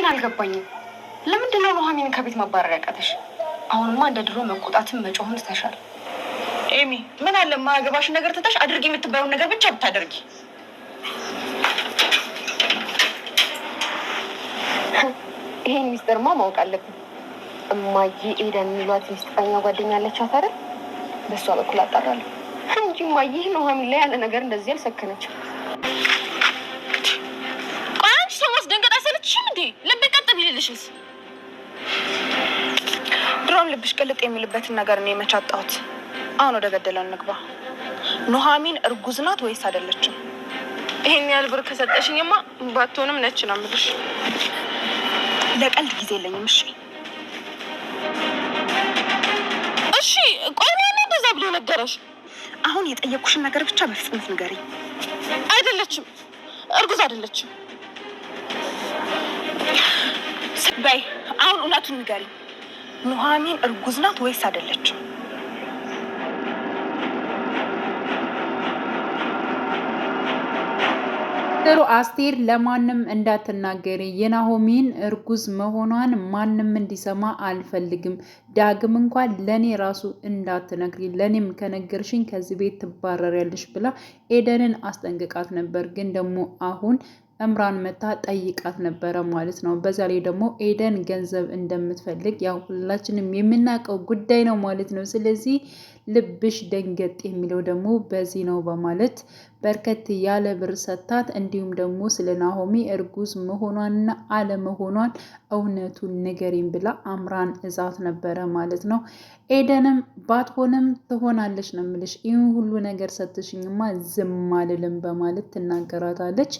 ግን አልገባኝም። ለምንድን ነው ኑሐሚንን ከቤት ማባረር ያቃተሽ? አሁንማ እንደ ድሮ መቆጣትን መጮህን ትተሻል። ኤሚ ምን አለ ማያገባሽን ነገር ትተሽ አድርጊ የምትባየውን ነገር ብቻ ብታደርጊ። ይሄን ሚስጥርማ ማወቅ አለብን። እማዬ ኤደን የሚሏት ሚስጥረኛ ጓደኛ አለች አይደል? በእሷ በኩል አጣራለሁ እንጂ እማዬ ኑሐሚን ላይ ያለ ነገር እንደዚህ አልሰከነችም። አልተመችሽም እንዴ? ልብ ቀጥ ቢልልሽስ? ድሮም ልብሽ ቅልጥ የሚልበትን ነገር ነው የመቻጣሁት። አሁን ወደ ገደለው እንግባ። ኑሐሚን እርጉዝ ናት ወይስ አይደለችም? ይሄን ያህል ብር ከሰጠሽኝማ ባትሆንም ነች ነው የምልሽ። ለቀልድ ጊዜ የለኝም። እሺ እሺ፣ ቆይ ማነው እንደዛ ብሎ ነገረሽ? አሁን የጠየቁሽን ነገር ብቻ በፍጥነት ንገሪኝ። አይደለችም፣ እርጉዝ አይደለችም። በይ አሁን እውነቱን ንገሪ፣ ኑሐሚን እርጉዝ ናት ወይስ አይደለችም? ጥሩ አስቴር ለማንም እንዳትናገሪ የናሆሚን እርጉዝ መሆኗን ማንም እንዲሰማ አልፈልግም። ዳግም እንኳን ለእኔ ራሱ እንዳትነግሪ፣ ለእኔም ከነገርሽኝ ከዚህ ቤት ትባረሪያለሽ ብላ ኤደንን አስጠንቅቃት ነበር። ግን ደግሞ አሁን እምራን መታ ጠይቃት ነበረ ማለት ነው። በዛ ላይ ደግሞ ኤደን ገንዘብ እንደምትፈልግ ያው ሁላችንም የምናውቀው ጉዳይ ነው ማለት ነው። ስለዚህ ልብሽ ደንገጥ የሚለው ደግሞ በዚህ ነው በማለት በርከት ያለ ብር ሰጥታት እንዲሁም ደግሞ ስለ ናሆሚ እርጉዝ መሆኗንና አለመሆኗን እውነቱን ነገሬን ብላ አምራን እዛት ነበረ ማለት ነው። ኤደንም ባትሆንም ትሆናለች ነው የምልሽ፣ ይህን ሁሉ ነገር ሰጥሽኝማ ዝም አልልም በማለት ትናገራታለች።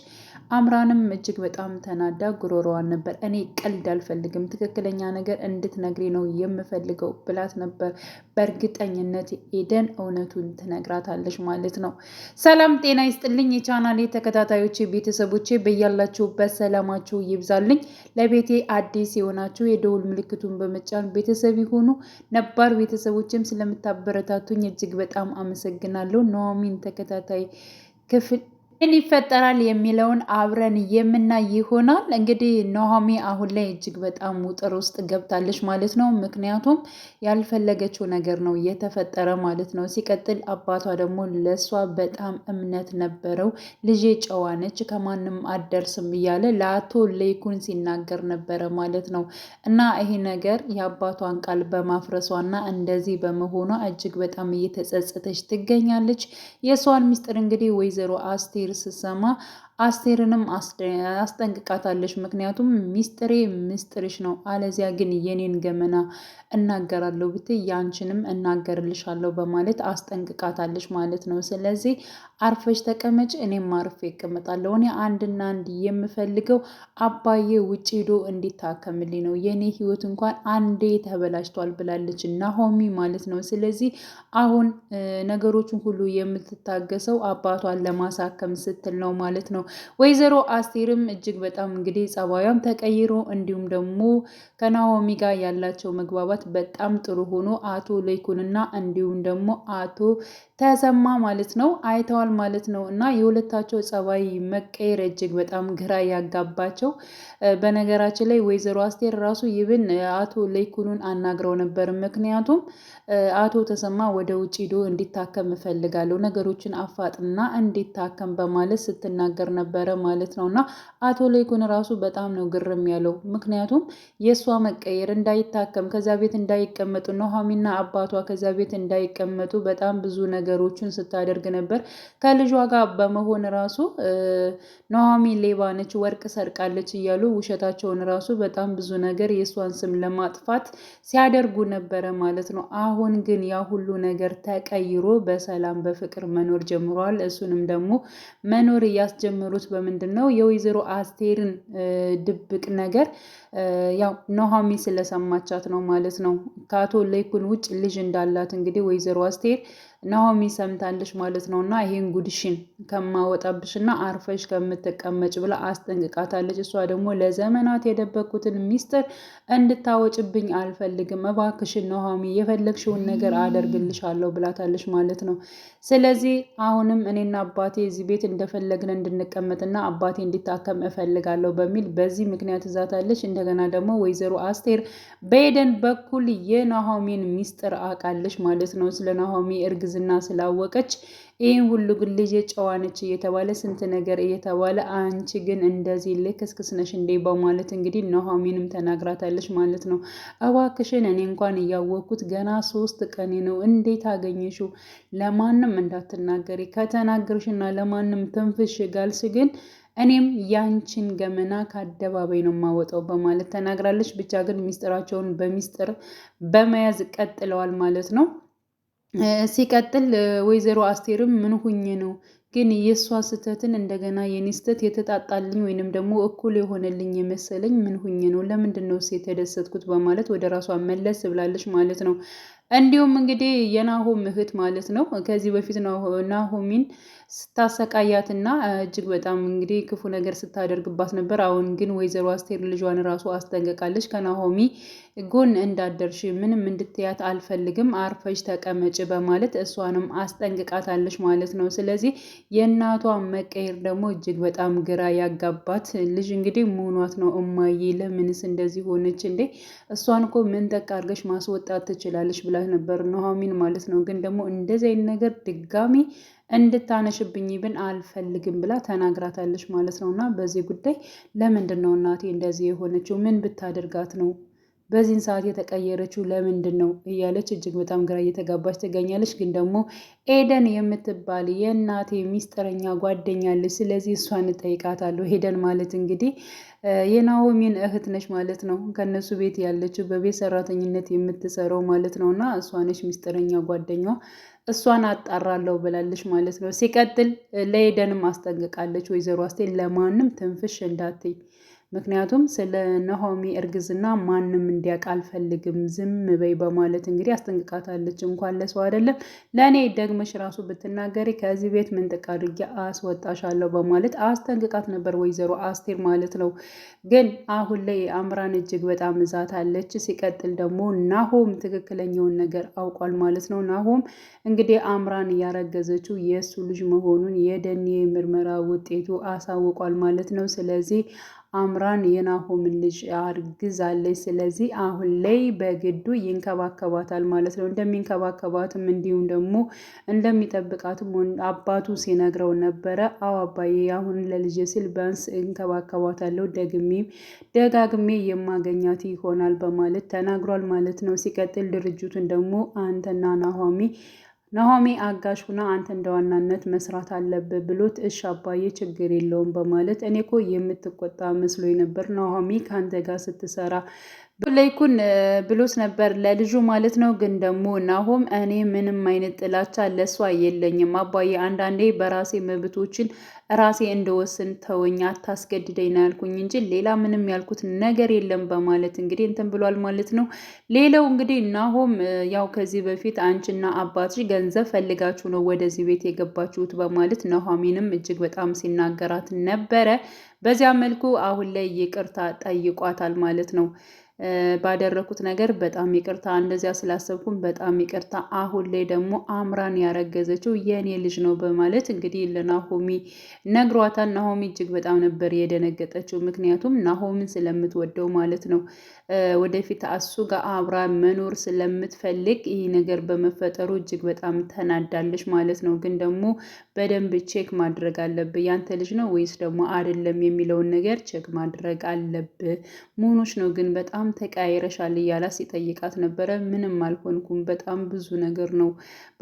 አምራንም እጅግ በጣም ተናዳ ጉሮሮዋን ነበር። እኔ ቀልድ አልፈልግም፣ ትክክለኛ ነገር እንድትነግሪ ነው የምፈልገው ብላት ነበር። በእርግጠኝነት ኤደን እውነቱን ትነግራታለች ማለት ነው። ሰላም ጤና ይስጥልኝ የቻናሌ ተከታታዮች ቤተሰቦቼ በያላችሁበት ሰላማችሁ ይብዛልኝ። ለቤቴ አዲስ የሆናችሁ የደውል ምልክቱን በመጫን ቤተሰብ የሆኑ ነባር ቤተሰቦችም ስለምታበረታቱኝ እጅግ በጣም አመሰግናለሁ። ኑሐሚን ተከታታይ ክፍል ምን ይፈጠራል የሚለውን አብረን የምናይ ይሆናል። እንግዲህ ኑሃሚ አሁን ላይ እጅግ በጣም ውጥር ውስጥ ገብታለች ማለት ነው። ምክንያቱም ያልፈለገችው ነገር ነው የተፈጠረ ማለት ነው። ሲቀጥል አባቷ ደግሞ ለእሷ በጣም እምነት ነበረው። ልጄ ጨዋ ነች፣ ከማንም አደርስም እያለ ለአቶ ሌኩን ሲናገር ነበረ ማለት ነው እና ይሄ ነገር የአባቷን ቃል በማፍረሷና እንደዚህ በመሆኗ እጅግ በጣም እየተጸጸተች ትገኛለች። የእሷን ሚስጥር እንግዲህ ወይዘሮ አስቴር ሲል ስሰማ አስቴርንም አስጠንቅቃታለች። ምክንያቱም ሚስጥሬ ምስጢርሽ ነው፣ አለዚያ ግን የኔን ገመና እናገራለሁ ብትይ ያንችንም እናገርልሻለሁ በማለት አስጠንቅቃታለች ማለት ነው። ስለዚህ አርፈሽ ተቀመጭ፣ እኔም አርፌ እቀመጣለሁ። እኔ አንድና አንድ የምፈልገው አባዬ ውጭ ሄዶ እንዲታከምልኝ ነው። የኔ ህይወት እንኳን አንዴ ተበላሽቷል ብላለች ናሆሚ ማለት ነው። ስለዚህ አሁን ነገሮችን ሁሉ የምትታገሰው አባቷን ለማሳከም ስትል ነው ማለት ነው። ወይዘሮ አስቴርም እጅግ በጣም እንግዲህ ጸባዩም ተቀይሮ እንዲሁም ደግሞ ከናኦሚ ጋር ያላቸው መግባባት በጣም ጥሩ ሆኖ አቶ ለይኩንና እንዲሁም ደግሞ አቶ ተሰማ ማለት ነው አይተዋል ማለት ነው። እና የሁለታቸው ጸባይ መቀየር እጅግ በጣም ግራ ያጋባቸው። በነገራችን ላይ ወይዘሮ አስቴር ራሱ ይብን አቶ ለይኩኑን አናግረው ነበር። ምክንያቱም አቶ ተሰማ ወደ ውጭ ሂዶ እንዲታከም እፈልጋለሁ ነገሮችን አፋጥና እንዲታከም በ በማለት ስትናገር ነበረ ማለት ነው። እና አቶ ላይኩን ራሱ በጣም ነው ግርም ያለው። ምክንያቱም የእሷ መቀየር እንዳይታከም ከዛ ቤት እንዳይቀመጡ ኑሃሚንና አባቷ ከዛ ቤት እንዳይቀመጡ በጣም ብዙ ነገሮችን ስታደርግ ነበር። ከልጇ ጋር በመሆን ራሱ ኑሃሚን ሌባ ነች፣ ወርቅ ሰርቃለች እያሉ ውሸታቸውን ራሱ በጣም ብዙ ነገር የእሷን ስም ለማጥፋት ሲያደርጉ ነበረ ማለት ነው። አሁን ግን ያ ሁሉ ነገር ተቀይሮ በሰላም በፍቅር መኖር ጀምረዋል። እሱንም ደግሞ መኖር እያስጀመሩት በምንድን ነው የወይዘሮ አስቴርን ድብቅ ነገር ያው ኑሃሚ ስለሰማቻት ነው ማለት ነው። ከአቶ ለይኩን ውጭ ልጅ እንዳላት እንግዲህ ወይዘሮ አስቴር ናሆሚ ሰምታለች ማለት ነው። እና ይሄን ጉድሽን ከማወጣብሽና አርፈሽ ከምትቀመጭ ብላ አስጠንቅቃታለች። እሷ ደግሞ ለዘመናት የደበኩትን ሚስጥር እንድታወጭብኝ አልፈልግም፣ እባክሽን ናሆሚ የፈለግሽውን ነገር አደርግልሻለሁ ብላታለች ማለት ነው። ስለዚህ አሁንም እኔና አባቴ እዚህ ቤት እንደፈለግን እንድንቀመጥና አባቴ እንዲታከም እፈልጋለሁ በሚል በዚህ ምክንያት እዛታለች። እንደገና ደግሞ ወይዘሮ አስቴር በኤደን በኩል የናሆሚን ሚስጥር አውቃለች ማለት ነው። ስለ ናሆሚ እርግ እርግዝና ስላወቀች ይህን ሁሉ ግን ልጄ ጨዋነች እየተባለ ስንት ነገር እየተባለ አንቺ ግን እንደዚህ ልክስክስ ነሽ እንዴ? በማለት እንግዲህ ኑሃሚንም ተናግራታለች ማለት ነው። እባክሽን እኔ እንኳን እያወቅኩት ገና ሶስት ቀኔ ነው። እንዴት አገኘሽው? ለማንም እንዳትናገሪ ከተናገርሽና ለማንም ትንፍሽ ጋልስ ግን እኔም ያንቺን ገመና ከአደባባይ ነው የማወጣው በማለት ተናግራለች። ብቻ ግን ሚስጥራቸውን በሚስጥር በመያዝ ቀጥለዋል ማለት ነው። ሲቀጥል ወይዘሮ አስቴርም ምን ሁኜ ነው ግን የእሷ ስህተትን እንደገና የኔ ስህተት የተጣጣልኝ ወይንም ደግሞ እኩል የሆነልኝ የመሰለኝ ምን ሁኜ ነው? ለምንድን ነው የተደሰትኩት? በማለት ወደ ራሷ መለስ ብላለች ማለት ነው። እንዲሁም እንግዲህ የናሆም እህት ማለት ነው ከዚህ በፊት ናሆሚን ስታሰቃያትና እጅግ በጣም እንግዲህ ክፉ ነገር ስታደርግባት ነበር። አሁን ግን ወይዘሮ አስቴር ልጇን ራሱ አስጠንቀቃለች ከናሆሚ ጎን እንዳደርሽ ምንም እንድትያት አልፈልግም፣ አርፈሽ ተቀመጭ በማለት እሷንም አስጠንቅቃታለች ማለት ነው። ስለዚህ የእናቷ መቀየር ደግሞ እጅግ በጣም ግራ ያጋባት ልጅ እንግዲህ መሆኗት ነው። እማዬ ለምንስ እንደዚህ ሆነች እንዴ? እሷን እኮ ምን ጠቅ አድርገሽ ማስወጣት ትችላለች ብላ ብላት ነበር ኑሐሚን ማለት ነው። ግን ደግሞ እንደዚህ አይነት ነገር ድጋሚ እንድታነሽብኝ ብን አልፈልግም ብላ ተናግራታለች ማለት ነው። እና በዚህ ጉዳይ ለምንድን ነው እናቴ እንደዚህ የሆነችው? ምን ብታደርጋት ነው በዚህን ሰዓት የተቀየረችው ለምንድን ነው እያለች እጅግ በጣም ግራ እየተጋባች ትገኛለች። ግን ደግሞ ኤደን የምትባል የእናቴ ሚስጥረኛ ጓደኛለች፣ ስለዚህ እሷን እጠይቃታለሁ። ሄደን ማለት እንግዲህ የናኦሚን እህት ነች ማለት ነው። ከነሱ ቤት ያለችው በቤት ሰራተኝነት የምትሰራው ማለት ነው። እና እሷ ነች ሚስጥረኛ ጓደኛ፣ እሷን አጣራለሁ ብላለች ማለት ነው። ሲቀጥል ለኤደንም አስጠንቅቃለች። ወይዘሮ አስቴ ለማንም ትንፍሽ እንዳትይ ምክንያቱም ስለ ናሆሚ እርግዝና ማንም እንዲያውቅ አልፈልግም፣ ዝም በይ በማለት እንግዲህ አስጠንቅቃታለች። እንኳን ለሰው አይደለም ለእኔ ደግመሽ ራሱ ብትናገሪ ከዚህ ቤት ምንጥቅ አድርጌ አስወጣሻለሁ በማለት አስጠንቅቃት ነበር ወይዘሮ አስቴር ማለት ነው። ግን አሁን ላይ አምራን እጅግ በጣም እዛት አለች። ሲቀጥል ደግሞ ናሆም ትክክለኛውን ነገር አውቋል ማለት ነው። ናሆም እንግዲህ አምራን እያረገዘችው የእሱ ልጅ መሆኑን የደኔ ምርመራ ውጤቱ አሳውቋል ማለት ነው። ስለዚህ አምራን የናሆምን ልጅ አርግዛለች። ስለዚህ አሁን ላይ በግዱ ይንከባከባታል ማለት ነው። እንደሚንከባከባትም እንዲሁም ደግሞ እንደሚጠብቃትም አባቱ ሲነግረው ነበረ። አዎ አባዬ፣ አሁን ለልጅ ሲል ቢያንስ እንከባከባታለሁ፣ ደግሜ ደጋግሜ የማገኛት ይሆናል በማለት ተናግሯል ማለት ነው። ሲቀጥል ድርጅቱን ደግሞ አንተና ናሆሚ ናሆሜ አጋሽ ሁና አንተ እንደ ዋናነት መስራት አለብህ ብሎት እሺ አባዬ ችግር የለውም በማለት እኔ እኮ የምትቆጣ መስሎኝ ነበር ናሆሜ ከአንተ ጋር ስትሰራ ብለይኩን ብሎት ነበር ለልጁ ማለት ነው። ግን ደግሞ ናሆም እኔ ምንም አይነት ጥላቻ ለእሷ የለኝም አባዬ፣ አንዳንዴ በራሴ መብቶችን ራሴ እንደወስን ተወኝ፣ አታስገድደኝ ነው ያልኩኝ እንጂ ሌላ ምንም ያልኩት ነገር የለም በማለት እንግዲህ እንትን ብሏል ማለት ነው። ሌላው እንግዲህ ናሆም ያው ከዚህ በፊት አንቺና አባትሽ ገንዘብ ፈልጋችሁ ነው ወደዚህ ቤት የገባችሁት በማለት ኑሃሚንም እጅግ በጣም ሲናገራት ነበረ። በዚያ መልኩ አሁን ላይ ይቅርታ ጠይቋታል ማለት ነው። ባደረኩት ነገር በጣም ይቅርታ፣ እንደዚያ ስላሰብኩም በጣም ይቅርታ። አሁን ላይ ደግሞ አምራን ያረገዘችው የኔ ልጅ ነው በማለት እንግዲህ ለናሆሚ ነግሯታል። ናሆሚ እጅግ በጣም ነበር የደነገጠችው፣ ምክንያቱም ናሆምን ስለምትወደው ማለት ነው። ወደፊት አሱ ጋር አብራ መኖር ስለምትፈልግ ይህ ነገር በመፈጠሩ እጅግ በጣም ተናዳለች ማለት ነው። ግን ደግሞ በደንብ ቼክ ማድረግ አለብህ። ያንተ ልጅ ነው ወይስ ደግሞ አይደለም የሚለውን ነገር ቼክ ማድረግ አለብህ። መሆኖች ነው ግን በጣም ተቀያይረሻል እያላ ሲጠይቃት ነበረ። ምንም አልሆንኩም በጣም ብዙ ነገር ነው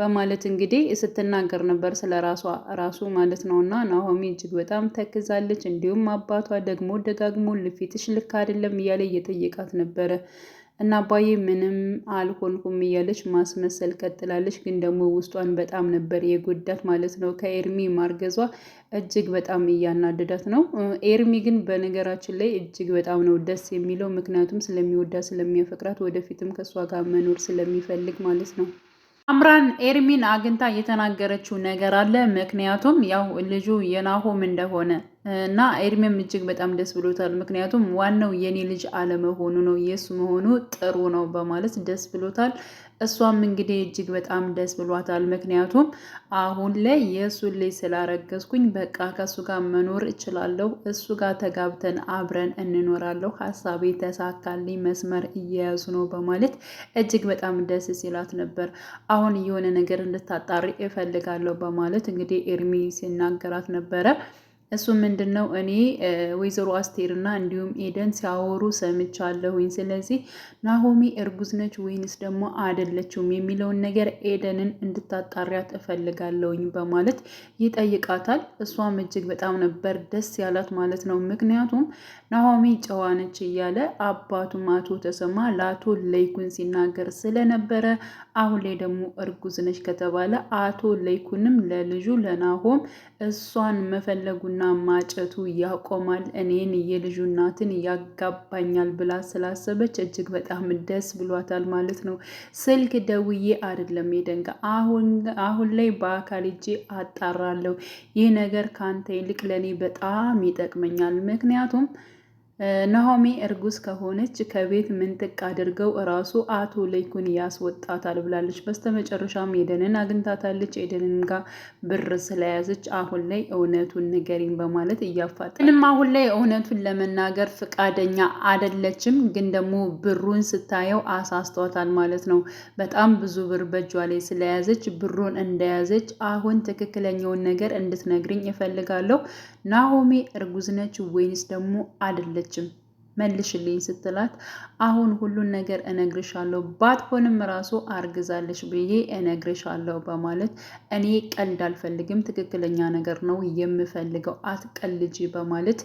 በማለት እንግዲህ ስትናገር ነበር ስለ ራሷ ራሱ ማለት ነው። እና ናሆሚ እጅግ በጣም ተክዛለች። እንዲሁም አባቷ ደግሞ ደጋግሞ ልፊትሽ ልክ አይደለም እያለ እየጠየቃት ነበረ እና አባዬ ምንም አልሆንኩም እያለች ማስመሰል ቀጥላለች። ግን ደግሞ ውስጧን በጣም ነበር የጎዳት ማለት ነው። ከኤርሚ ማርገዟ እጅግ በጣም እያናደዳት ነው። ኤርሚ ግን በነገራችን ላይ እጅግ በጣም ነው ደስ የሚለው፣ ምክንያቱም ስለሚወዳ ስለሚያፈቅራት፣ ወደፊትም ከእሷ ጋር መኖር ስለሚፈልግ ማለት ነው። አምራን ኤርሚን አግኝታ እየተናገረችው ነገር አለ። ምክንያቱም ያው ልጁ የናሆም እንደሆነ እና ኤርሚም እጅግ በጣም ደስ ብሎታል። ምክንያቱም ዋናው የኔ ልጅ አለመሆኑ ነው የሱ መሆኑ ጥሩ ነው በማለት ደስ ብሎታል። እሷም እንግዲህ እጅግ በጣም ደስ ብሏታል። ምክንያቱም አሁን ላይ የእሱን ልጅ ስላረገዝኩኝ በቃ ከእሱ ጋር መኖር እችላለሁ፣ እሱ ጋር ተጋብተን አብረን እንኖራለሁ፣ ሀሳቤ ተሳካልኝ፣ መስመር እየያዙ ነው በማለት እጅግ በጣም ደስ ሲላት ነበር። አሁን የሆነ ነገር እንድታጣሪ እፈልጋለሁ በማለት እንግዲህ ኤርሚ ሲናገራት ነበረ። እሱ ምንድን ነው እኔ ወይዘሮ አስቴርና እንዲሁም ኤደን ሲያወሩ ሰምቻለሁኝ። ስለዚህ ናሆሚ እርጉዝ ነች ወይንስ ደግሞ አይደለችውም የሚለውን ነገር ኤደንን እንድታጣሪያት እፈልጋለሁኝ በማለት ይጠይቃታል። እሷም እጅግ በጣም ነበር ደስ ያላት ማለት ነው። ምክንያቱም ናሆሚ ጨዋ ነች እያለ አባቱም አቶ ተሰማ ለአቶ ለይኩን ሲናገር ስለነበረ አሁን ላይ ደግሞ እርጉዝ ነች ከተባለ አቶ ለይኩንም ለልጁ ለናሆም እሷን መፈለጉን ቡና ማጨቱ ያቆማል፣ እኔን የልጁ እናትን ያጋባኛል ብላ ስላሰበች እጅግ በጣም ደስ ብሏታል ማለት ነው። ስልክ ደውዬ አይደለም የደንጋ አሁን ላይ በአካል እጄ አጣራለሁ። ይህ ነገር ከአንተ ይልቅ ለእኔ በጣም ይጠቅመኛል ምክንያቱም ናሆሚ እርጉዝ ከሆነች ከቤት ምንጥቅ አድርገው እራሱ አቶ ለይኩን ያስወጣታል ብላለች። በስተመጨረሻም ኤደንን አግኝታታለች። ኤደንን ጋር ብር ስለያዘች አሁን ላይ እውነቱን ንገሪኝ በማለት እያፋጠ ምንም አሁን ላይ እውነቱን ለመናገር ፈቃደኛ አደለችም። ግን ደግሞ ብሩን ስታየው አሳስቷታል ማለት ነው። በጣም ብዙ ብር በእጇ ላይ ስለያዘች ብሩን እንደያዘች አሁን ትክክለኛውን ነገር እንድትነግርኝ ይፈልጋለሁ ናሆሚ እርጉዝ ነች ወይንስ ደግሞ አደለች አይደለችም መልሽልኝ ስትላት አሁን ሁሉን ነገር እነግርሻለሁ ባትሆንም ራሱ አርግዛለች ብዬ እነግርሻለሁ በማለት እኔ ቀልድ አልፈልግም፣ ትክክለኛ ነገር ነው የምፈልገው፣ አትቀልጂ በማለት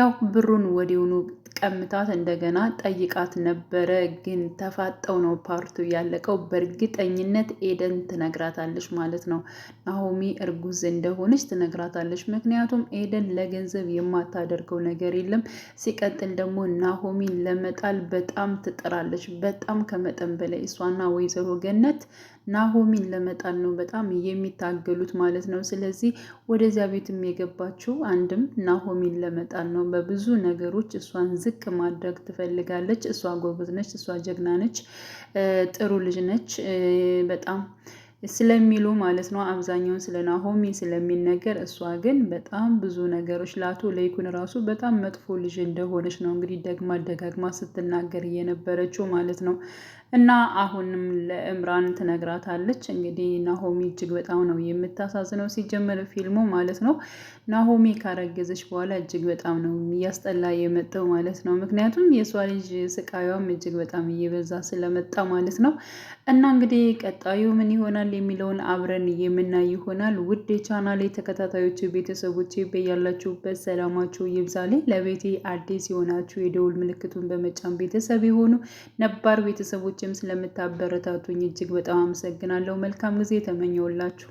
ያው ብሩን ወዲውኑ ቀምታት እንደገና ጠይቃት ነበረ፣ ግን ተፋጠው ነው ፓርቱ ያለቀው። በእርግጠኝነት ኤደን ትነግራታለች ማለት ነው። ናሆሚ እርጉዝ እንደሆነች ትነግራታለች። ምክንያቱም ኤደን ለገንዘብ የማታደርገው ነገር የለም። ሲቀጥል ደግሞ ናሆሚን ለመጣል በጣም ትጥራለች፣ በጣም ከመጠን በላይ እሷና ወይዘሮ ገነት ናሆሚን ለመጣል ነው በጣም የሚታገሉት ማለት ነው። ስለዚህ ወደዚያ ቤትም የገባችው አንድም ናሆሚን ለመጣል ነው። በብዙ ነገሮች እሷን ዝቅ ማድረግ ትፈልጋለች። እሷ ጎበዝ ነች፣ እሷ ጀግና ነች፣ ጥሩ ልጅ ነች በጣም ስለሚሉ ማለት ነው። አብዛኛውን ስለ ናሆሚ ስለሚነገር፣ እሷ ግን በጣም ብዙ ነገሮች ለአቶ ለይኩን ራሱ በጣም መጥፎ ልጅ እንደሆነች ነው እንግዲህ ደግማ ደጋግማ ስትናገር እየነበረችው ማለት ነው። እና አሁንም ለእምራን ትነግራታለች። እንግዲህ ናሆሚ እጅግ በጣም ነው የምታሳዝነው፣ ሲጀመር ፊልሙ ማለት ነው። ናሆሚ ካረገዘች በኋላ እጅግ በጣም ነው እያስጠላ የመጠው ማለት ነው። ምክንያቱም የሷ ልጅ ስቃዩም እጅግ በጣም እየበዛ ስለመጣ ማለት ነው። እና እንግዲህ ቀጣዩ ምን ይሆናል የሚለውን አብረን የምናይ ይሆናል። ውድ የቻናሌ ተከታታዮች ቤተሰቦች በያላችሁበት ሰላማችሁ ይብዛሌ። ለቤቴ አዲስ የሆናችሁ የደውል ምልክቱን በመጫን ቤተሰብ የሆኑ ነባር ቤተሰቦች ሰዎችም ስለምታበረታቱኝ እጅግ በጣም አመሰግናለሁ። መልካም ጊዜ ተመኘውላችሁ።